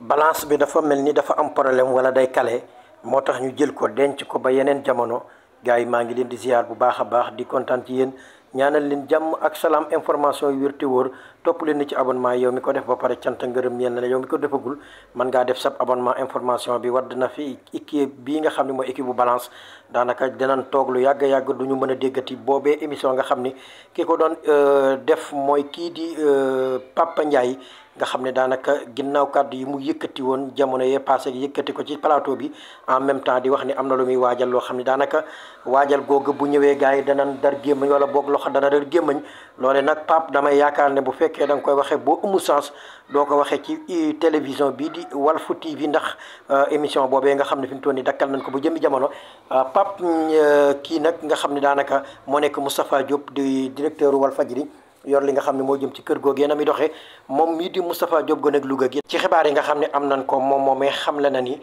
balance bi dafa mel ni dafa am problème wala day kale moo tax ñu jël ko denc ko ba yeneen jamono gars yi maa ngi leen di ziar bu baax a baax di kontaan ci yéen ñaanal leen jàmm ak salaam information yu te wóor topp leen ni ci abonnement yow mi ko def ba pare cant ngërëm yéen la yow mi ko defagul man ngaa def sab abonnement information bi wadd na fi équipe bii nga xam ne mooy équipe bu balance daanaka dinañ toog lu yàgg yàgg duñu mën a déggati boobee émission nga xam ni ki ko doon euh, def mooy kii di euh, Papa Ndiaye. nga xam ne daanaka ginnaaw kàddu yi mu yëkkati woon jamono yee passé yëkkati ko ci plateau bi en même temps di wax ni am na lu muy waajal loo xam ne daanaka waajal googu bu ñëwee gars yi danan dar gémmañ wala boog loxo dana dar gémmañ loole nag Pape damay yaakaar ne bu fekkee da nga koy waxee boo amu sens doo ko waxee ci télévision bii di wal Walf TV ndax euh, émission boobee nga xam ne fi mu toll nii dakkal nañ ko bu jëmi jamono euh, Pape euh, kii nag nga xam ne daanaka moo nekk Moustapha Diop di directeur Walfadjri yor li nga xam ne moo jëm ci kër googu yéen a mi doxee moom mii di Moustapha Diop Gone ak Louga gi ci xibaar yi nga xam ne am nañ ko moom moomee xam le na ni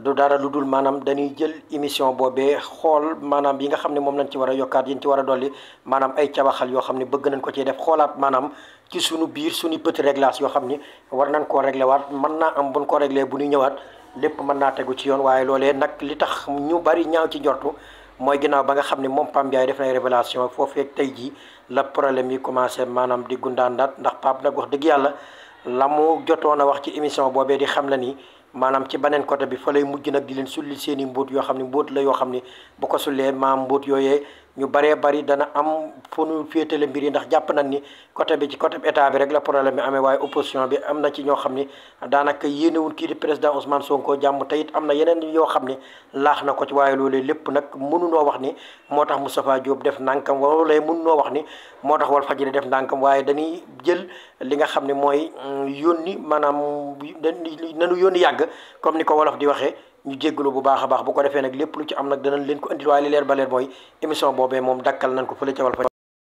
du dara lu dul maanaam dañuy jël émission boobee xool maanaam yi nga xam ne moom lañ ci war a yokkaat yi yéen ci war a dolli maanaam ay cabaxal yoo xam ne bëgg nañ ko ci def xoolaat maanaam ci suñu biir suñu petit réglage yoo xam ni war nañ koo réglé waat mën naa am buñ ko réglé bu ñu ñëwaat lépp mën naa tegu ci yoon waaye loolee nag li tax ñu bari ñaaw ci njortu mooy ginnaaw ba nga xam ne moom Pape Ndiaye def na révélation foofu ak tey jii la problème yi commencé maanaam di gundaandaat ndax Pape nag wax dëgg yàlla la mu jotoon a wax ci émission boobee di xam la ni maanaam ci beneen côté bi fa lay mujj nag di leen sulli seen i yoo xam ne mbóot la yoo xam ne bu ko sullee maam mbóot yooyee ñu baree bari dana am fu ñu féetale mbir yi ndax jàpp nañ ni côté bi ci côté état bi rek la problème bi amee waaye opposition bi am na ci ñoo xam ni daanaka yéenewul kii di président Ousmane Sonko jàmm te am na yeneen yoo xam ni laax na ko ci waaye loolee lépp nag mënunoo wax ni moo tax Moustapha Diop def ndànkam wala mënunoo wax ni moo tax Walf Fadjri def ndànkam waaye dañuy jël li nga xam ne mooy mm, yónni maanaam nanu nañu yónni yàgg comme ni ko wolof di waxee. ñu jéggalu bu baax a baax bu ko defee nag lépp lu ci am nag danañ leen ko indil waaye li leer ba leer mooy émission boobee moom dakkal nañ ko fële ca